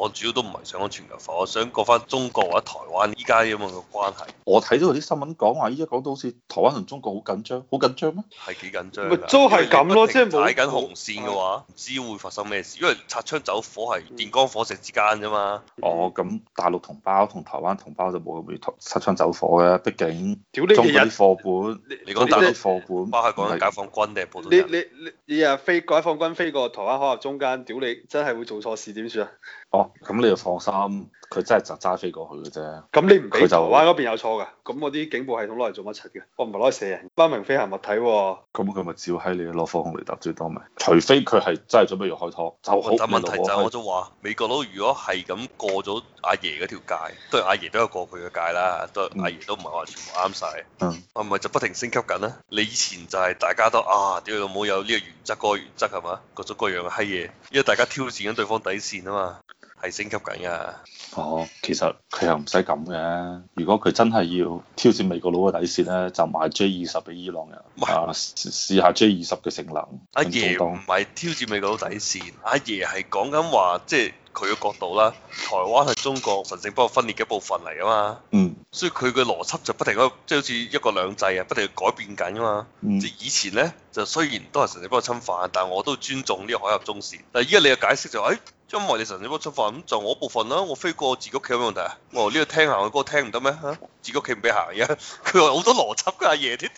我主要都唔係想講全球化，我想講翻中國或者台灣依家咁樣嘅關係。我睇到啲新聞講話，依家講到好似台灣同中國好緊張，好緊張咩？係幾緊張。咪都係咁咯，即係踩緊紅線嘅話，唔、哦、知會發生咩事。因為擦槍走火係電光火石之間啫嘛。嗯嗯嗯哦，咁大陸同胞同台灣同，同胞就冇咁樣擦槍走火嘅，畢竟。屌你嘅本，你講大陸貨本，包係講緊解放軍定係普通人？你你你啊飛解放軍飛過台灣海峽中間，屌你真係會做錯事點算啊？ 哦。咁你要放心，佢真係就揸飛過去嘅啫。咁你唔俾佢就灣嗰邊有錯噶，咁我啲警報系統攞嚟做乜柒嘅？我唔係攞嚟射人，不明飛行物體、啊。咁佢咪照喺你落火控嚟搭。最多咪？除非佢係真係準備要開拖。就但問題就係、是、是我仲話，美國佬如果係咁過咗阿爺嗰條界，都阿爺都有過佢嘅界啦，都、嗯、阿爺都唔係話全部啱晒。嗯。係咪就不停升級緊啦？你以前就係大家都啊屌，老母有呢個原則嗰、那個原則係嘛？各種各樣嘅閪嘢，因為大家挑戰緊對方底綫啊嘛。係升級緊噶。哦，其實佢又唔使咁嘅。如果佢真係要挑戰美國佬嘅底線咧，就買 J 二十俾伊朗人，唔係喂試下 J 二十嘅性能。阿爺唔係挑戰美國佬底線，阿爺係講緊話，即係佢嘅角度啦。台灣係中國神聖不可分裂嘅一部分嚟啊嘛。嗯。所以佢嘅邏輯就不停咁，即係好似一國兩制啊，不停改變緊啊嘛。嗯。即係以前咧。就雖然都係神聖不可侵犯，但我都尊重呢個海峽中線。但依家你嘅解釋就誒、是，因、哎、為你神聖不可侵犯，咁就我部分啦。我飛過自己屋企有咩問題、哦這個那個、行行啊？我呢個聽下我歌聽唔得咩？自己屋企唔俾行，依家佢話好多邏輯嘅阿、啊、爺啲，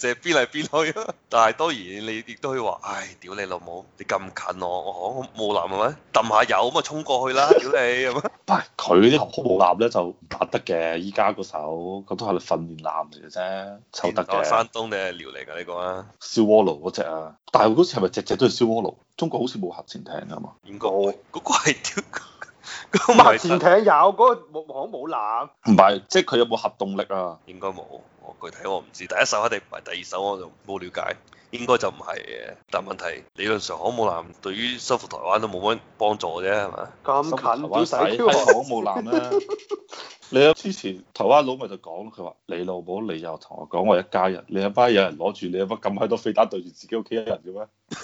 成日邊嚟邊去。但係當然你亦都可以話，唉，屌你老母，你咁近我，我好冇男係咪？揼下油咁啊，衝過去啦，屌你係咪？唔佢啲好冇男咧就唔打得嘅，依家嗰手咁都係訓練男嚟嘅啫，湊得嘅。山東定係遼寧呢個啊？渦輪嗰隻啊，大陸嗰時係咪隻隻都係燒渦輪？中國好似冇核潛艇啊嘛，應該嗰個係，核潛艇有嗰 個冇可冇纜。唔係，即係佢有冇核動力啊？應該冇。具體我唔知，第一手一定唔係，第二手我就冇了解，應該就唔係嘅。但問題理論上，航母艦，對於收復台灣都冇乜幫助啫，係咪？咁近都使航母艦啦。你之前台灣佬咪就講，佢話你老母，你又同我講我一家人，你一班有人攞住，你有乜咁閪多飛彈對住自己屋企人嘅咩？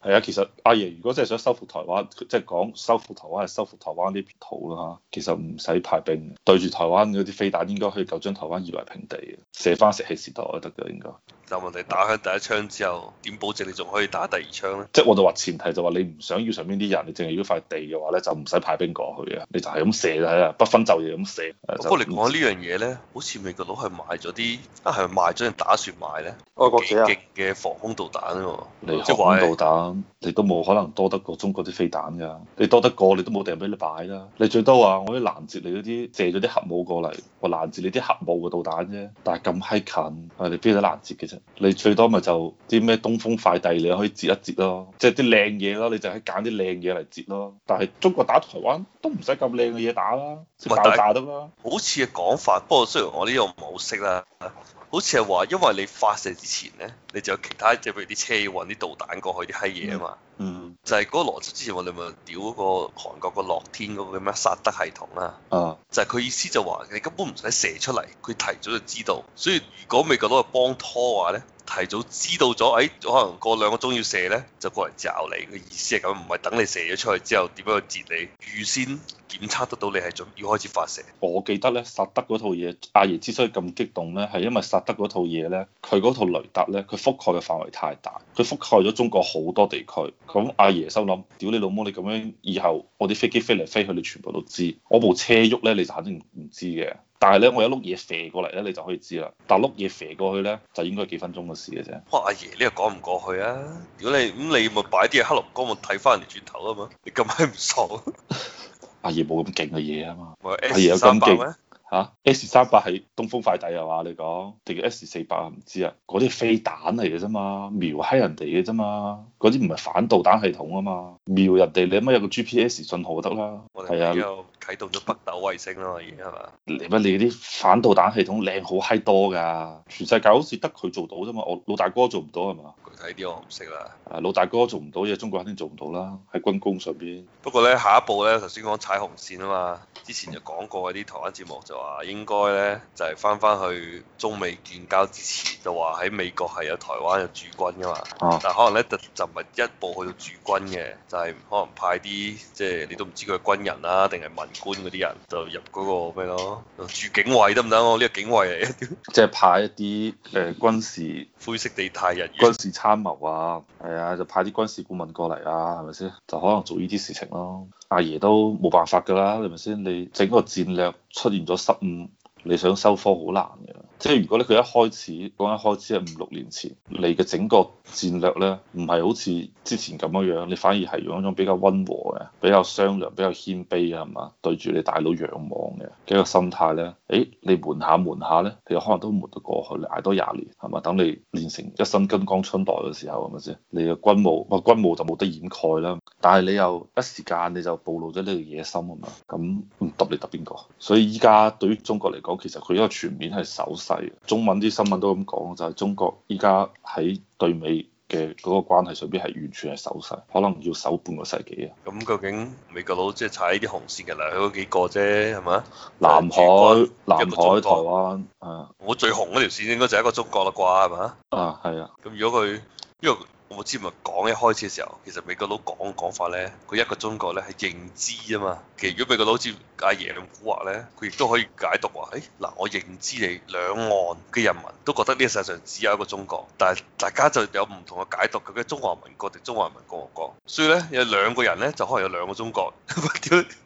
係啊，其實阿爺如果真係想收復台灣，即係講收復台灣係收復台灣呢邊土啦嚇，其實唔使派兵，對住台灣嗰啲飛彈應該可以夠將台灣夷為平地嘅，射翻石器時代都得嘅應該。就問你打響第一槍之後，點保證你仲可以打第二槍咧？即係我就話前提就話你唔想要上邊啲人，你淨係要塊地嘅話咧，就唔使派兵過去啊，你就係咁射就係啊，不分晝夜咁射。不，射不過你講呢樣嘢咧，好似美國佬係賣咗啲啊，係賣咗定打算賣咧。外國幾勁嘅防空導彈喎、啊，嚟防空導彈你都冇可能多得過中國啲飛彈㗎，你多得過你都冇地俾你擺啦。你最多話我啲攔截你嗰啲借咗啲核武過嚟，我攔截你啲核武嘅導彈啫，但係咁閪近啊，你邊有得攔截嘅啫？你最多咪就啲咩東風快遞你可以折一折咯，即係啲靚嘢咯，你就喺揀啲靚嘢嚟折咯。但係中國打台灣都唔使咁靚嘅嘢打啦，打打得啦。好似嘅講法，不過雖然我呢度唔係好識啦。好似係話，因為你發射之前呢，你就有其他即係譬如啲車要運啲導彈過去，啲閪嘢啊嘛。嗯。嗯。就係嗰個邏輯之前，我哋咪屌嗰個韓國個樂天嗰個咩薩德系統啊。嗯、就係佢意思就話，你根本唔使射出嚟，佢提早就知道。所以如果美國攞個幫拖話呢，提早知道咗，誒、哎、可能過兩個鐘要射呢，就過嚟罩你。個意思係咁，唔係等你射咗出去之後點樣去截你，預先。檢測得到你係準要開始發射。我記得咧，薩德嗰套嘢，阿爺之所以咁激動咧，係因為薩德嗰套嘢咧，佢嗰套雷達咧，佢覆蓋嘅範圍太大，佢覆蓋咗中國好多地區。咁阿爺心諗，屌你老母！你咁樣以後我啲飛機飛嚟飛去，你全部都知。我部車喐咧，你就肯定唔知嘅。但係咧，我有碌嘢射過嚟咧，你就可以知啦。但碌嘢射過去咧，就應該係幾分鐘嘅事嘅啫。哇！阿爺呢個講唔過去啊！如果你咁，你咪擺啲嘢黑龍江，咪睇翻人哋轉頭啊嘛！你咁係唔爽？阿葉冇咁勁嘅嘢啊嘛、啊，阿葉有咁勁吓 S 三百係東風快遞啊嘛，你講定 S 四百啊？唔知啊，嗰啲飛彈嚟嘅啫嘛，瞄閪人哋嘅啫嘛，嗰啲唔係反導彈系統啊嘛，瞄人哋你乜有個 GPS 信號就得啦，係啊。睇到咗北斗衛星咯，已經係嘛？你乜你啲反導彈系統靚好嗨多㗎，全世界好似得佢做到啫嘛，我老大哥做唔到係嘛？具體啲我唔識啦。啊，老大哥做唔到，即係中國肯定做唔到啦，喺軍工上邊。不過咧，下一步咧，頭先講踩紅線啊嘛，之前就講過嗰啲台灣節目就話應該咧就係翻翻去中美建交之前，就話喺美國係有台灣有駐軍㗎嘛。哦、啊。但可能咧特就唔係一步去到駐軍嘅，就係、是、可能派啲，即係你都唔知佢係軍人啦定係民官嗰啲人就入嗰個咩咯，住警衛得唔得呢個警衛嚟，即係派一啲誒、呃、軍事灰色地帶人員、軍事參謀啊，係啊，就派啲軍事顧問過嚟啊，係咪先？就可能做呢啲事情咯。阿爺，爺都冇辦法㗎啦，係咪先？你整個戰略出現咗失誤，你想收科好難嘅。即係如果咧佢一開始講，一開始係五六年前，你嘅整個戰略咧，唔係好似之前咁樣樣，你反而係用一種比較溫和嘅、比較商量、比較謙卑嘅係嘛，對住你大佬仰望嘅呢個心態咧，誒你瞞下瞞下咧，你可能都瞞得過去，你捱多廿年係嘛，等你練成一身金剛春袋嘅時候係咪先？你嘅軍務啊軍務，就冇得掩蓋啦，但係你又一時間你就暴露咗呢個野心啊嘛，咁唔揼你揼邊個？所以依家對於中國嚟講，其實佢一個全面係守。中文啲新聞都咁講，就係、是、中國依家喺對美嘅嗰個關係上邊係完全係守勢，可能要守半個世紀啊。咁究竟美國佬即係踩啲紅線嘅嗱，佢嗰幾個啫，係咪？南海、南海、台灣，誒、uh，我最紅嗰條線應該就係一個中國啦啩，係咪？啊，係啊。咁如果佢因為我知唔咪講一開始嘅時候，其實美國佬講，講法呢，佢一個中國呢係認知啊嘛。其實如果美國佬好似阿爺咁古惑呢，佢亦都可以解讀話：哎，嗱，我認知你兩岸嘅人民都覺得呢個世界上只有一個中國，但係大家就有唔同嘅解讀，究竟中華民國定中華人民共和國。所以呢，有兩個人呢，就可能有兩個中國。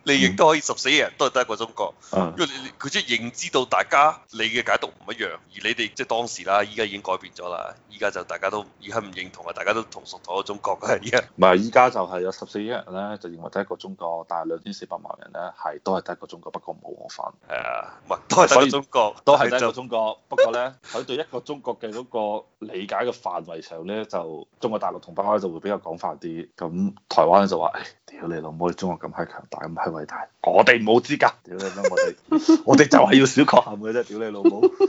你亦都可以十四億人都係得一個中國。因佢，佢即係認知到大家你嘅解讀唔一樣，而你哋即係當時啦，依家已經改變咗啦，依家就大家都已係唔認同啊，大家。都同屬咗中國嘅。依家，唔係依家就係有十四億人咧，就認為得一個中國，但係兩千四百萬人咧係都係得一個中國，不過冇我份。係唔係都係所以中國，都係得一個中國，不過咧喺對一個中國嘅嗰個理解嘅範圍上咧，就中國大陸同北方就會比較廣泛啲。咁台灣就話、哎：屌你老母，你中國咁閪強大，咁閪偉大，我哋冇資格。屌你老母， 我哋我哋就係要小確幸嘅啫。屌你老母。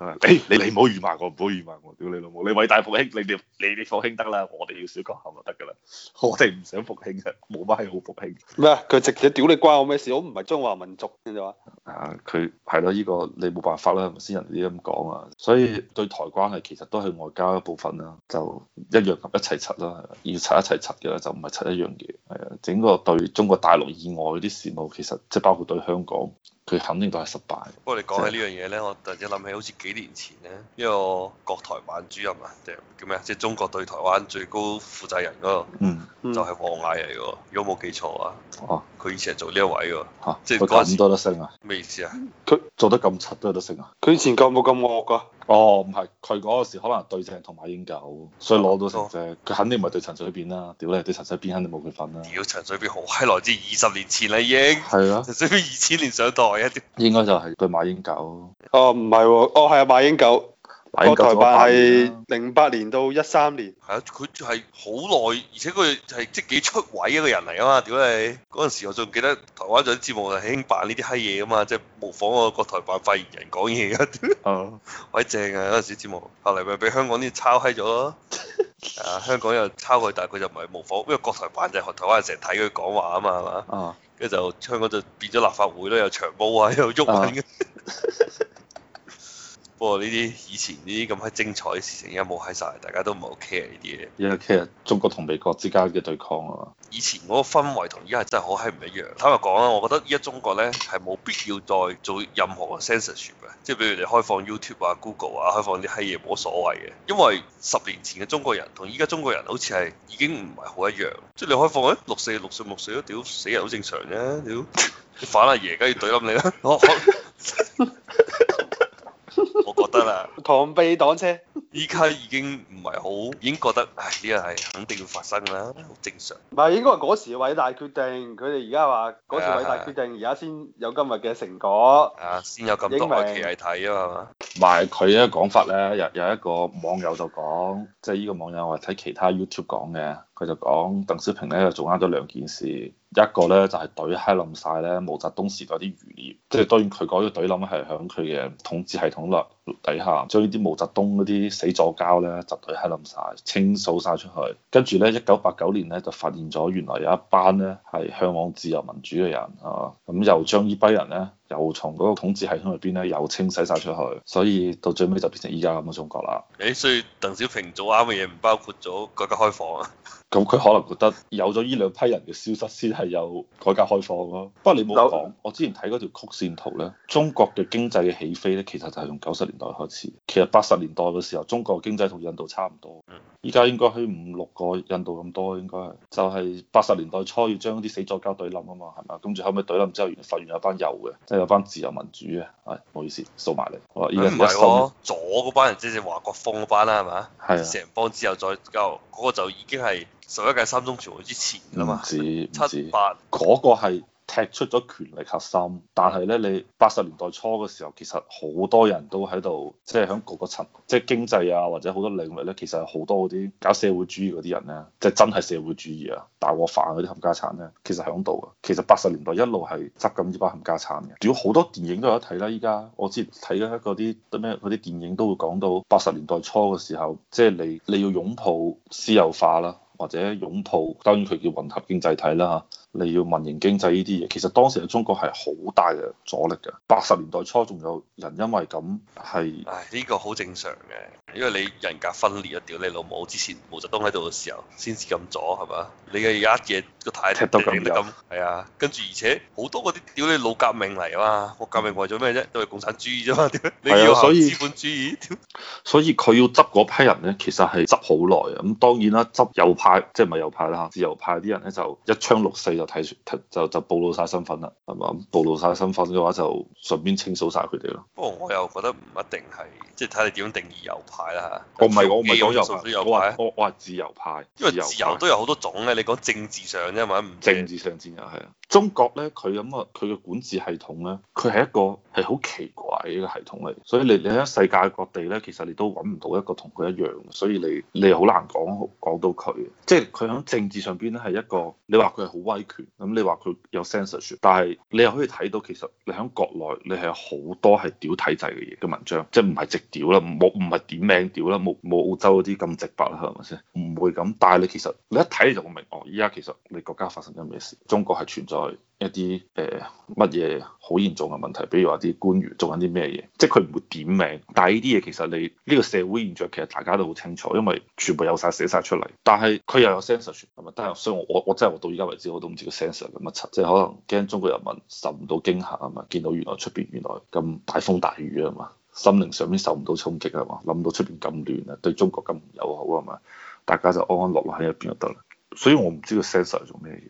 誒、欸，你你唔好辱罵我，唔好辱罵我，屌你老母！你偉大復興，你哋你你，你復興得啦，我哋要小確幸就得噶啦，我哋唔想復興啫，冇乜係好復興。咩 啊？佢直接屌你關我咩事？我唔係中華民族，嘅話？啊，佢係咯，呢、這個你冇辦法啦，先人哋咁講啊。所以對台關係其實都係外交一部分啦，就一樣一齊拆啦，要拆一齊拆嘅就唔係拆一樣嘢。係啊，整個對中國大陸以外啲事務，其實即係包括對香港。佢肯定都係失敗。不過你講起呢樣嘢咧，我突然間諗起好似幾年前咧，一個國台辦主任啊，定叫咩啊？即、就、係、是、中國對台灣最高負責人嗰個，嗯，嗯就係王毅嚟喎，如果冇記錯啊。哦，佢以前做呢一位喎。嚇、啊，即係佢教咁多得升啊？咩意思啊？佢做得咁柒都得升啊？佢以前夠冇咁惡噶。 哦，唔係，佢嗰陣時可能對鄭同埋英九，所以攞到成隻。佢、啊、肯定唔係對陳水扁啦。屌你，對陳水扁肯定冇佢份啦。屌，陳水扁好閪，來自二十年前啦已經。係啊。陳水扁二千年上台。啊。應該就係對馬英九。哦，唔係喎，哦係啊，馬英九。國台辦係零八年到一三年。係啊，佢係好耐，而且佢係即係幾出位一個人嚟啊嘛！屌你，嗰陣時我仲記得台灣做啲節目係興辦呢啲閪嘢噶嘛，即係模仿個國台辦發言人講嘢嘅。哦、uh.，鬼正啊！嗰陣時節目，後嚟咪俾香港啲抄閪咗咯。 啊！香港又抄佢，但係佢就唔係模仿，因為國台辦就係學台灣人成日睇佢講話啊嘛，係嘛？嗯。跟住就香港就變咗立法會啦，又長毛啊，又喐緊不過呢啲以前呢啲咁嘅精彩嘅事情而家冇喺晒，大家都唔係好 care 呢啲嘢。而家、yeah, care 中國同美國之間嘅對抗啊嘛。以前嗰個氛圍同而家係真係好係唔一樣。坦白講啊，我覺得依家中國咧係冇必要再做任何嘅 censorship 嘅，即係比如你開放 YouTube 啊、Google 啊、開放啲閪嘢冇乜所謂嘅。因為十年前嘅中國人同而家中國人好似係已經唔係好一樣。即係你開放，哎，六四、六四六四都屌死人好正常啫，屌 反阿爺梗係要懟冧你啦。 我覺得啦，螳臂擋車，依家已經唔係好，已經覺得唉，呢個係肯定要發生啦，好正常。唔係應該係嗰時偉大決定，佢哋而家話嗰時偉大決定，而家先有今日嘅成果。啊，先有咁多嘅期待睇啊嘛。唔係佢嘅講法咧，有有一個網友就講，即係呢個網友我係睇其他 YouTube 講嘅。佢就講鄧小平咧，又做啱咗兩件事，一個呢，就係懟閪冧曬咧毛澤東時代啲餘孽，即係當然佢嗰個懟冧係響佢嘅統治系統內。底下將呢啲毛澤東嗰啲死咗交呢，集隊閪冧晒，清掃晒出去。跟住呢，一九八九年呢，就發現咗，原來有一班呢係嚮往自由民主嘅人啊。咁、嗯、又將呢批人呢，又從嗰個統治系統入邊呢，又清洗晒出去。所以到最尾就變成而家咁嘅中國啦。誒、欸，所以鄧小平做啱嘅嘢，唔包括咗改革開放啊？咁 佢、嗯、可能覺得有咗呢兩批人嘅消失，先係有改革開放咯、啊。不過你冇講，呃、我之前睇嗰條曲線圖呢，中國嘅經濟嘅起飛呢，其實就係從九十年代開始，其實八十年代嘅時候，中國經濟同印度差唔多。依家應該去五六個印度咁多，應該係就係八十年代初要將啲死左膠對冧啊嘛，係嘛？跟住後尾對冧之後，原來發現有班右嘅，即係有班自由民主嘅，唔、哎、好意思掃埋你。唔係、啊、左嗰班人，即係華國鋒嗰班啦，係嘛？係成、啊、幫自由再交嗰、那個就已經係十一屆三中全會之前啊嘛，七八嗰、那個係。踢出咗權力核心，但係咧，你八十年代初嘅時候，其實好多人都喺度，即係響各個層，即係經濟啊，或者好多領域咧，其實好多嗰啲搞社會主義嗰啲人咧，即係真係社會主義啊，大鍋飯嗰啲冚家產咧，其實喺度嘅。其實八十年代一路係執緊呢班冚家產嘅。如果好多電影都有得睇啦，依家我知睇嘅啲咩嗰啲電影都會講到八十年代初嘅時候，即係你你要擁抱私有化啦。或者擁抱，當然佢叫混合經濟體啦。你要民營經濟呢啲嘢，其實當時中國係好大嘅阻力嘅。八十年代初仲有人因為咁係，唉呢個好正常嘅，因為你人格分裂啊！屌你老母，之前毛澤東喺度嘅時候先至咁阻係嘛？你嘅而家夜個太踢到咁，係啊的，跟住而且好多嗰啲屌你老革命嚟啊嘛！革命為咗咩啫？都係共產主義啫嘛！屌你要行資本主義，所以佢 要執嗰批人咧，其實係執好耐啊。咁當然啦，執右派。即係唔係右派啦吓，自由派啲人咧，就一槍六四就睇就就暴露晒身份啦，係嘛？暴露晒身份嘅話就順便清掃晒佢哋咯。不過我又覺得唔一定係，即係睇你點定義右派啦，我唔係我唔係講右派，我我我係自由派。因為自由，自由，自由都有好多種咧，你講政治上啫嘛，唔政治上戰友係啊。中國咧佢咁啊，佢嘅管治系統咧，佢係一個係好奇怪嘅一個系統嚟，所以你你喺世界各地咧，其實你都揾唔到一個同佢一樣嘅，所以你你好難講講到佢。即係佢喺政治上邊咧係一個，你話佢係好威權，咁你話佢有 censorship，但係你又可以睇到其實你喺國內你係有好多係屌體制嘅嘢嘅文章，即係唔係直屌啦，冇唔係點名屌啦，冇冇澳洲嗰啲咁直白啦，係咪先？唔會咁，但係你其實你一睇你就會明，哦，依家其實你國家發生緊咩事？中國係存在一啲誒乜嘢好嚴重嘅問題，比如話啲官員做緊啲咩嘢，即係佢唔會點名，但係呢啲嘢其實你呢、呢個社會現象其實大家都好清楚，因為全部有晒寫晒出嚟。但係佢又有 censor 係咪？但係所以我我我真係到而家為止我都唔知個 censor 做乜柒，即係可能驚中國人民受唔到驚嚇啊嘛，見到原來出邊原來咁大風大雨啊嘛，心靈上面受唔到衝擊啊嘛，諗到出邊咁亂啊，對中國咁唔友好啊嘛，大家就安安樂樂喺入邊就得啦。所以我唔知個 censor 做咩嘢。